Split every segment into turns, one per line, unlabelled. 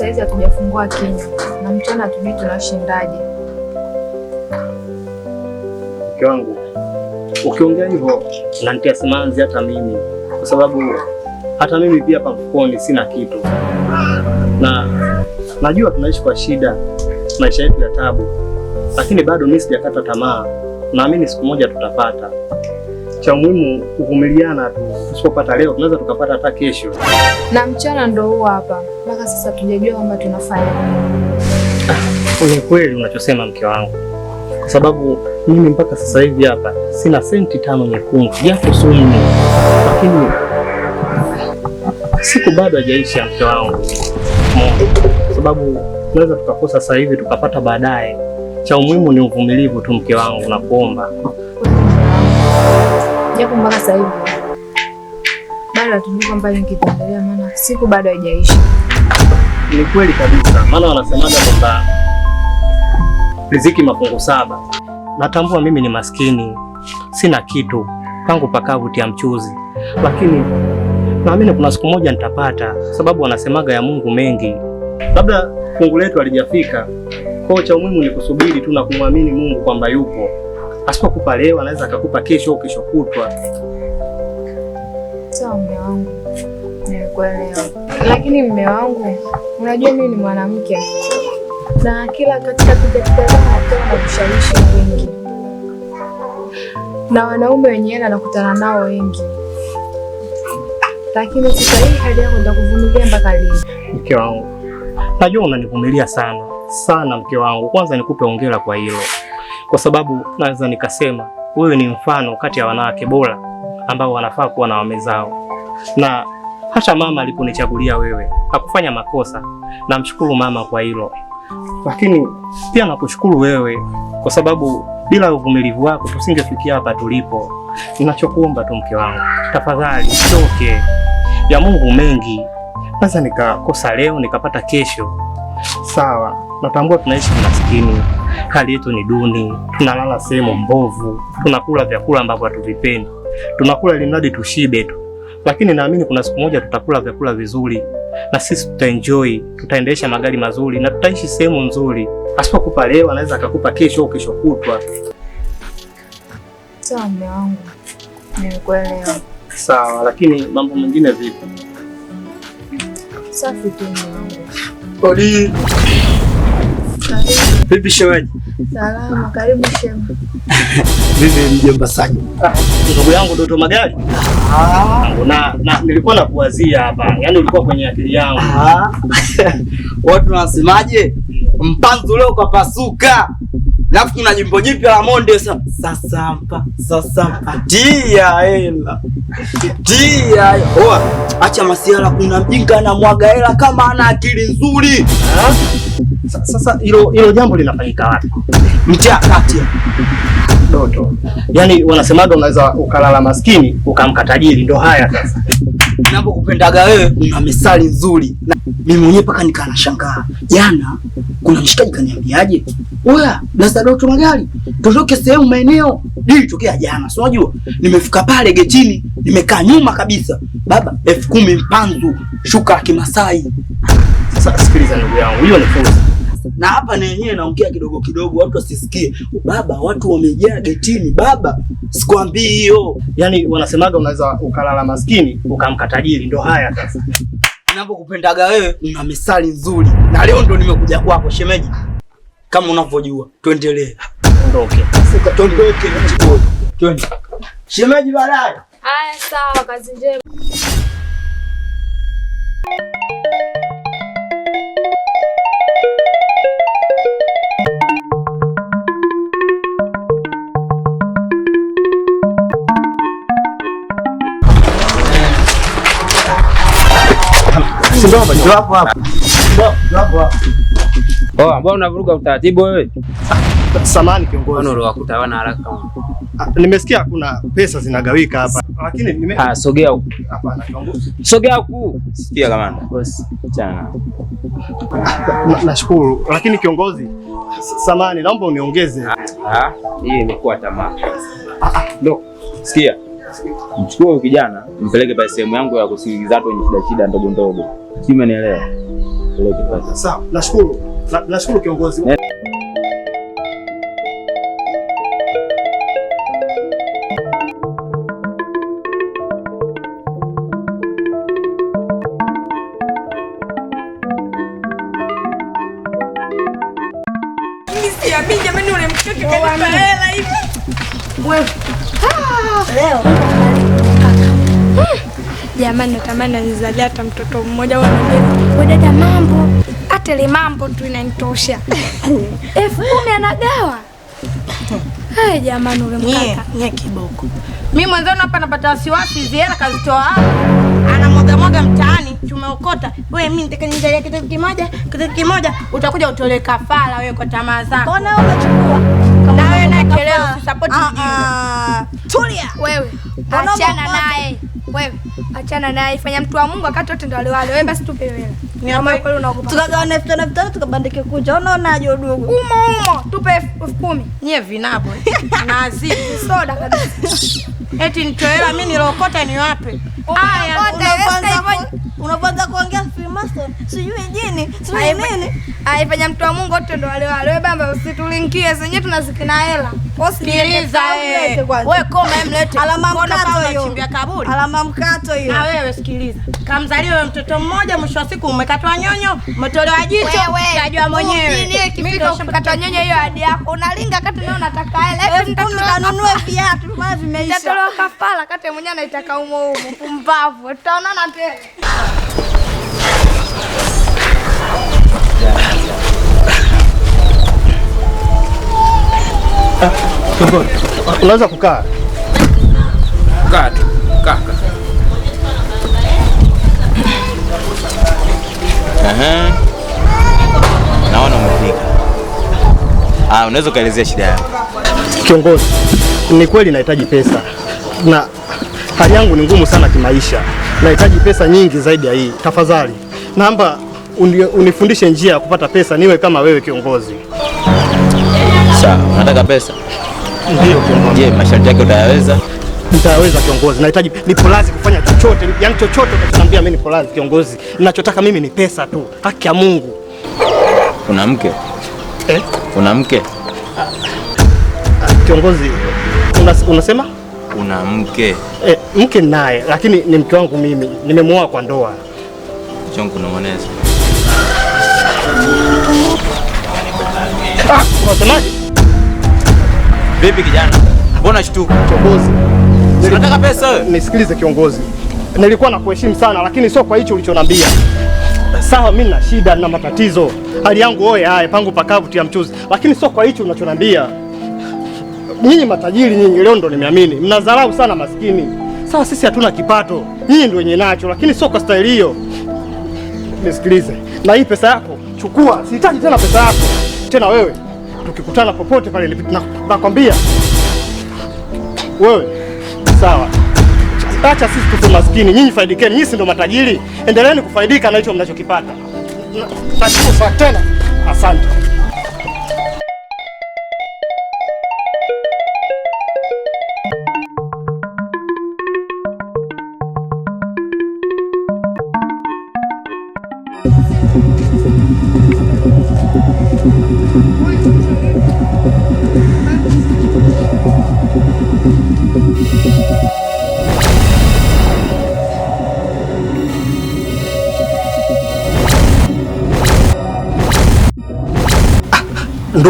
saizi hatujafungua kinywa na mchana tujui tunashindaje.
Mke wangu, ukiongea hivyo nantia simanzi hata mimi, kwa sababu hata mimi pia hapa mfukoni sina kitu, na najua tunaishi kwa shida, maisha yetu ya tabu, lakini bado mimi sijakata tamaa. Naamini siku moja tutapata cha muhimu kuvumiliana tu, tusipopata leo tunaweza tukapata hata kesho.
Na mchana ndo huo hapa, mpaka sasa tujajua kwamba tunafanya
ni kweli unachosema mke wangu, kwa sababu mimi mpaka sasa hivi hapa sina senti tano nyekundu, japo sumu lakini siku bado hajaisha mke wangu, kwa sababu tunaweza tukakosa sasa hivi tukapata baadaye. Cha muhimu ni uvumilivu tu mke wangu, nakuomba
japo mpaka sasa hivi bado hatujui kwamba nini kitaendelea, maana siku bado haijaisha.
Ni kweli kabisa, maana wanasemaga kwamba riziki mafungu saba. Natambua mimi ni maskini, sina kitu, pangu pakavu tia mchuzi, lakini naamini kuna siku moja nitapata, sababu wanasemaga ya Mungu mengi. Labda fungu letu halijafika, kwa cha muhimu ni kusubiri tu na kumwamini Mungu kwamba yupo asipokupa leo anaweza akakupa kesho au kesho kutwa.
Lakini mme wangu, unajua mimi ni mwanamke na kila katika na kushawishi wengi na wanaume wenyewe nakutana nao wengi, lakini sasa hii hali yangu nitakuvumilia mpaka lini?
Mke wangu, najua unanivumilia sana sana mke wangu. Kwanza nikupe hongera kwa hilo kwa sababu naweza nikasema wewe ni mfano kati ya wanawake bora ambao wanafaa kuwa na wame zao, na hata mama aliponichagulia wewe hakufanya makosa. Namshukuru mama kwa hilo, lakini pia nakushukuru wewe kwa sababu bila uvumilivu wako tusingefikia hapa tulipo. Ninachokuomba tu mke wangu, tafadhali choke ya Mungu mengi, naweza nikakosa leo nikapata kesho. Sawa, natambua tunaishi maskini hali yetu ni duni, tunalala sehemu mbovu, tunakula vyakula ambavyo hatuvipendi, tunakula ili mradi tushibe tu, lakini naamini kuna siku moja tutakula vyakula vizuri na sisi tutaenjoy, tutaendesha magari mazuri na tutaishi sehemu nzuri. Asipokupa leo anaweza akakupa kesho au kesho kutwa.
Sawa mume wangu, nimekuelewa.
Sawa, lakini mambo mengine vipi?
Safi tu mume
wangu. Vipi shemeji?
Salama, karibu shemeji.
Vipi mjomba Sanyu? Ndugu yangu Doto Magari. Ah. Na na nilikuwa nakuwazia hapa. Yaani ulikuwa kwenye akili yangu.
Watu ah. wanasemaje? Mpanzu leo kapasuka. Alafu kuna jimbo jipya la Monde sasa. Sasa sasa Tia hela. Tia. Oa, acha masiala kuna mjinga na mwaga hela kama ana akili nzuri. Ah?
Sasa hilo hilo jambo linafanyika wapi?
Mtia kati
Doto, yaani wanasemaga unaweza ukalala maskini ukamka tajiri. Ndo haya sasa,
ninapokupendaga wewe una misali nzuri, mimi mwenyewe paka nikaa Jana kuna mshikaji kaniambiaje, oya nasa Doto magari tutoke sehemu maeneo hili, tokea jana. Si unajua nimefika pale getini, nimekaa nyuma kabisa, baba elfu kumi mpanzu, shuka kimasai.
Sasa sikiliza ndugu yangu, hiyo ni fursa
sasa. Na hapa na yenyewe naongea kidogo kidogo, watu wasisikie. Baba, watu wamejaa getini. Baba, sikwambii hiyo.
Yaani wanasemaga unaweza ukalala maskini ukamka tajiri, ndo haya sasa.
Ninapokupendaga wewe una misali nzuri, na leo ndo nimekuja kwako shemeji, kama unavyojua. Tuendelee, ondoke sasa, tuondoke, twende shemeji. Baadaye
haya, sawa, kazi njema.
Mbona unavuruga utaratibu wewe?
Samahani kiongozi.
Unakuta wana haraka.
Ah, nimesikia kuna pesa zinagawika hapa. Lakini nime
Ah, sogea huku.
Hapana kiongozi.
Sogea huku. Sikia kamanda. Boss, achana.
Nashukuru. Lakini kiongozi, samahani naomba uniongeze.
Ah, hii imekuwa tamaa. Ndio. Ah, ah. Sikia mchukue kijana mpeleke pale sehemu yangu ya kusikiliza watu wenye shida shida ndogo ndogo, si umenielewa?
Peleke pale. Sawa, nashukuru, nashukuru kiongozi.
Jamani, ulimchukua hela Leo
jamani, natamani nizalia hata mtoto mmoja. Dada mambo, hata ile mambo tu inanitosha. elfu kumi anagawa. Hai jamani, ule
mkaka nye kiboko. Mimi mwenzenu hapa napata wasiwasi, hizi hela kazitoa hapa, anamwaga mwaga mtaani, tumeokota. Wewe mimi nitaka nizalia kitu kimoja, kitu kimoja, utakuja utolee kafara wewe kwa tamaa zako.
Mbona unachukua
nawe naelewa, support ah, ah.
tulia achana naye wewe, achana naye, fanya mtu wa Mungu akati wote ndo aliwale wewe, basi tupe hela, tukagawana elfu tano elfu tano tukabandike kucha. Unaonaje udugu umo
umo? Tupe elfu kumi nyie vinapo nazi soda kabisa, eti nitoe hela mimi nilokota niwape. Ah, Haya, unaanza
unapoanza kuongea Freemason sijui jini sijui nini. Haifanya mtu wa Mungu wote ndo wale wale. Wewe bamba usitulinkie, zenyewe tunazikina hela.
Sikiliza eh. wewe, koma mlete alama mkazo hiyo kaburi. Alama mkato hiyo. Na wewe sikiliza. Kamzalia wewe mtoto mmoja mwisho wa siku umekatwa nyonyo, umetolewa jicho, unajua mwenyewe.
Mimi Kifika ukikatwa nyonyo hiyo hadi yako. Unalinga kati na unataka hela. Hebu mtanunue viatu maana vimeisha. Nitatolewa kafara kati mwenyewe anaitaka umo umo. Pumbavu. Tutaonana tena.
Unaweza kukaa.
Kukaa tu kaka. Naona umefika. Ah, unaweza ukaelezea shida yako?
Kiongozi, ni kweli nahitaji pesa na hali yangu ni ngumu sana kimaisha. Nahitaji pesa nyingi zaidi ya hii. Tafadhali naomba unifundishe njia ya kupata pesa niwe kama wewe kiongozi.
Sawa, unataka pesa? Ndio kiongozi. Je, masharti yake utayaweza?
Nitaweza kiongozi, nahitaji, nipo radhi kufanya chochote, yani chochote utakachoniambia mimi, nipo radhi kiongozi. Ninachotaka mimi ni pesa tu, haki ya Mungu. Una mke eh? Una mke kiongozi? unasema
una mke
eh? Mke naye, lakini ni mke wangu mimi, nimemwoa kwa ndoa.
Chongo unaoneza
ah, unasemaje?
Vipi kijana, mbona shtuka kiongozi? Nataka pesa wewe.
Nisikilize kiongozi, nilikuwa nakuheshimu sana, lakini sio kwa hicho ulichonambia. Sawa, mimi na shida na matatizo, hali yangu oye, haya pangu pakavu tia mchuzi, lakini sio kwa hicho unachonambia. Nyinyi matajiri nyinyi, leo ndo nimeamini, mnadharau sana maskini. Sawa, sisi hatuna kipato, nyinyi ndio wenye nacho, lakini sio kwa staili hiyo. Nisikilize, na hii pesa yako chukua, sihitaji tena pesa yako tena. Wewe tukikutana popote pale, nakwambia wewe sawa. Acha sisi tufe maskini, nyinyi faidikeni. Nyinyi ndio matajiri, endeleeni kufaidika na hicho mnachokipata. Tena asante.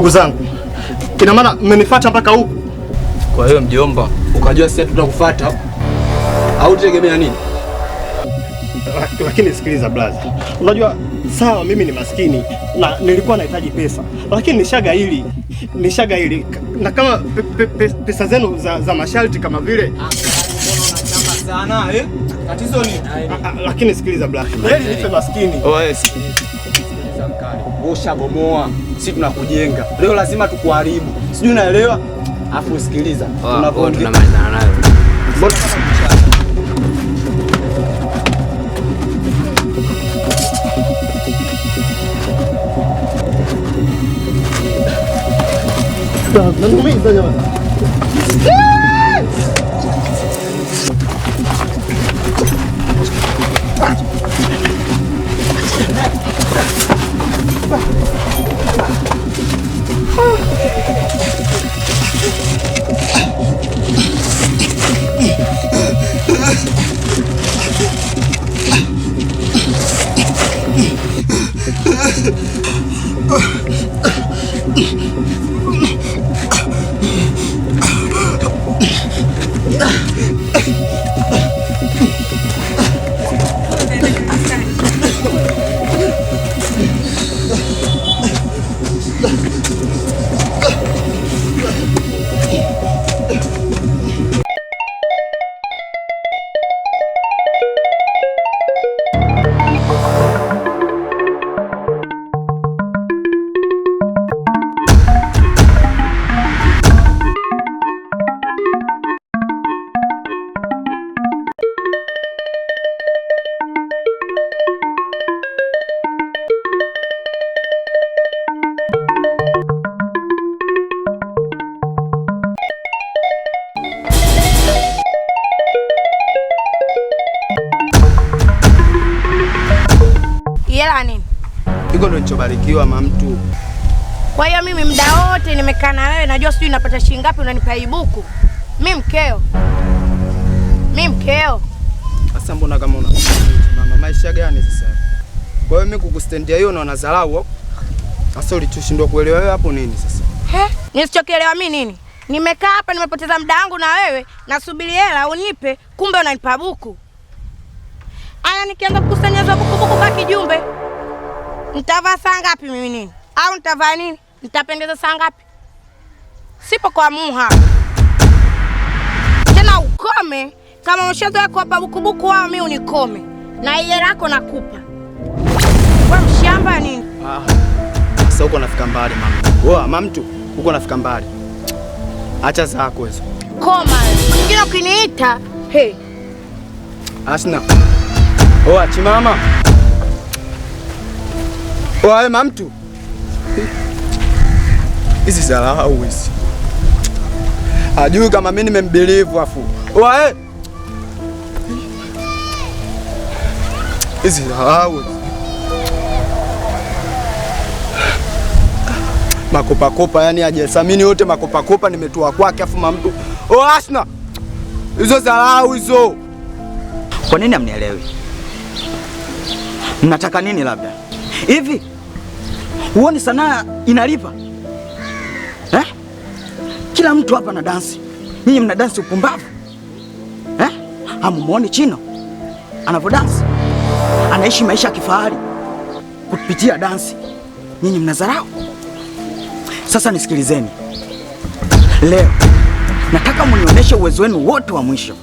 ndugu zangu, ina maana mmenifuata mpaka huku.
Kwa hiyo mjomba, ukajua sisi tutakufuata au tegemea nini?
Lakini sikiliza blaza, unajua sawa, mimi ni maskini na nilikuwa nahitaji pesa, lakini nishaga hili nishaga hili, na kama pe, pe, pe, pesa zenu za, za masharti kama vile
sana, eh? Tatizo ni
lakini sikiliza blaza, nipe maskini.
Wewe sikiliza mkali, si tunakujenga leo, lazima tukuharibu, sijui unaelewa? Afu usikiliza, ah, tunavyoongea tunamalizana nayo
hela nini?
Hiko ndo nichobarikiwa mamtu.
Kwa hiyo mimi muda wote nimekaa na wewe, najua sijui napata shilingi ngapi unanipa ibuku. Mimi mkeo, mi mkeo.
Sasa mbona kama una mama, maisha gani sasa? Kwa hiyo mimi kukustendia hiyo unaona dharau. Sasa ulichoshindwa kuelewa wewe hapo nini sasa?
He? Nisichokielewa mi nini? Nimekaa hapa nimepoteza muda wangu na wewe, nasubiri hela unipe, kumbe unanipa buku. Aya, nikianza kukusanya za kukuku baki jumbe, nitavaa saa ngapi mimi nini? Au nitavaa nini? Nitapendeza saa ngapi? Sipo kwa muha tena, ukome kama ushazoea kuwapa bukubuku wao, mimi unikome na ile lako nakupa. Wewe mshamba nini? Ah,
sasa huko nafika mbali mama. Wewe mamtu, huko nafika mbali. Acha zako hizo.
Koma, ingine ukiniita, hey.
Asna. Oa oh, chimama. Oa oh, ema mtu. Hizi zalau hizi. Ajui kama mimi nimembelieve afu. Oa eh. Hizi zalau. Makopakopa yani hajasamini yote makopakopa nimetoa kwake afu mamtu. Oa oh, asna. Hizo zalau hizo.
Kwa nini amnielewi? Mnataka nini? Labda hivi huoni sanaa inalipa eh? Kila mtu hapa na dansi, nyinyi mna dansi upumbavu eh? Hamumuoni Chino dansi anaishi maisha ya kifahari kupitia dansi, nyinyi mnadharau. Sasa nisikilizeni, leo nataka mnionyeshe uwezo wenu wote wa mwisho,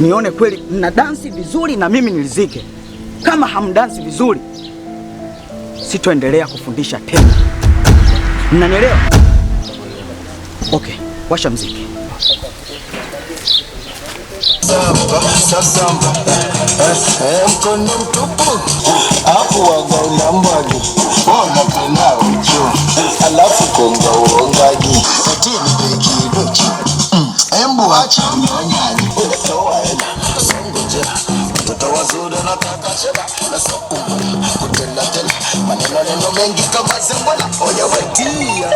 nione kweli mna dansi vizuri na mimi nilizike. Kama hamdansi vizuri, sitoendelea kufundisha tena. Mnanielewa? Okay, washa mziki. Samba, mm, samba.
maneno mengi kama zambala oyawatia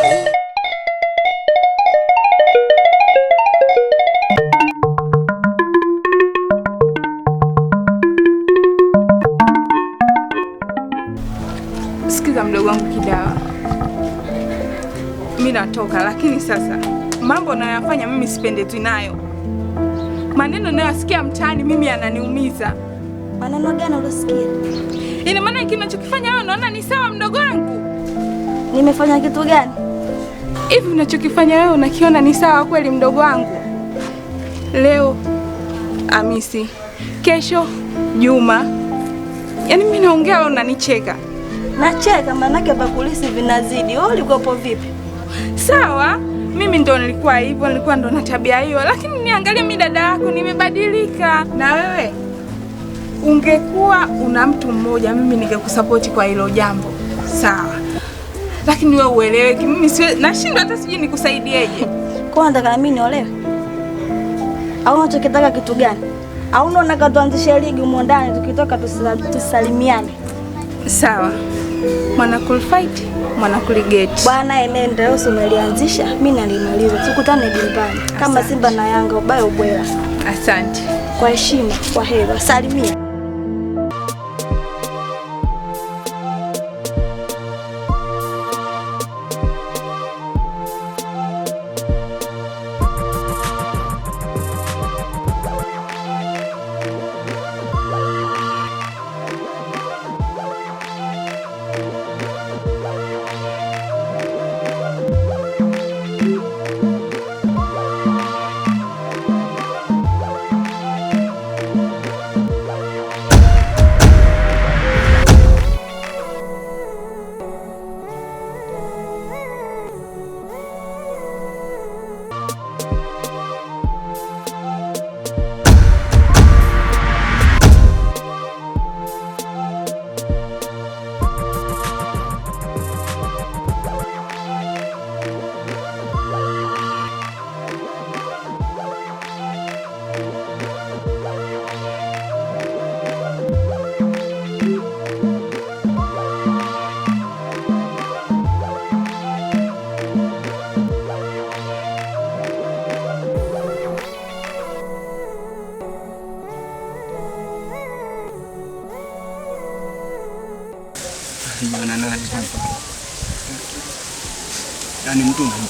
Sikiza mdogo wangu Kidawa, mi natoka, lakini sasa mambo nayoyafanya mimi sipendezwi nayo. Maneno nayoasikia mtaani mimi yananiumiza.
Maneno gani ulosikia?
Ina maana kinachokifanya wewe unaona ni sawa, mdogo wangu?
Nimefanya kitu gani?
Hivi unachokifanya wewe unakiona ni sawa kweli, mdogo wangu? Leo Hamisi, kesho Juma. Yaani mimi naongea wewe unanicheka.
Nacheka maanake bakulisi vinazidi. Wewe ulikopo vipi?
Sawa, mimi ndo nilikuwa hivyo, nilikuwa ndo na tabia hiyo, lakini niangalie midada dada yako nimebadilika. Na wewe ungekuwa una mtu mmoja, mimi ningekusapoti kwa hilo jambo sawa, lakini wewe uelewe, mimi si nashindwa, hata sijui nikusaidieje.
Kwa nataka mimi niolewe au unachokitaka kitu gani? Au unaona tuanzishe ligi humo ndani, tukitoka tusalimiane?
Sawa, mwana mwanakuligeti
bwana, enenda wewe, umelianzisha mimi nalimaliza, tukutane jumbani kama Simba na Yanga, ubaya ubwela. Asante kwa heshima, kwa heri, salimia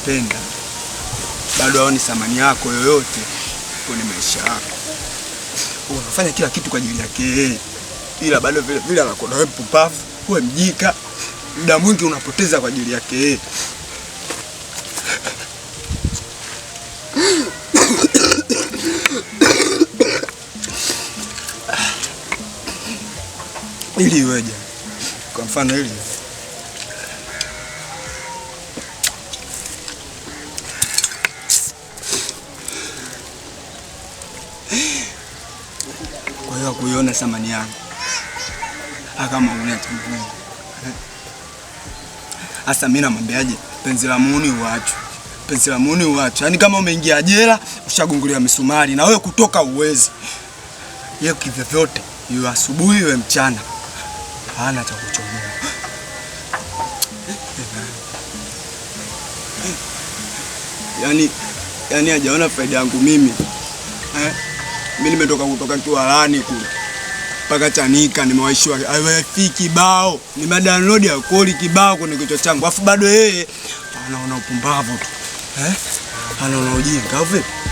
anayekupenda bado haoni thamani yako yoyote kwenye maisha yako. Unafanya kila kitu kwa ajili yake ila bado vile vile anakuona wewe mpumbavu, wewe mjika. Muda mwingi unapoteza kwa ajili yake Ili iweje? Kwa mfano ili samani yangu akama ah, hasa. Mimi namwambiaje? penzi la muuni uacho, penzi la muuni uacho. Yaani kama umeingia jela ushagungulia misumari, na wewe kutoka uwezi. Ye kivyovyote, iwe asubuhi iwe mchana, hana cha kuchomoa. Yaani yaani hajaona faida yangu mimi eh? Mimi nimetoka kutoka kiwalani kule mpaka Chanika nimewaishiwa wifi kibao, nimedownload alcohol kibao kwenye kichwa changu, afu bado yeye anaona upumbavu tu eh, anaona ujinga vipi?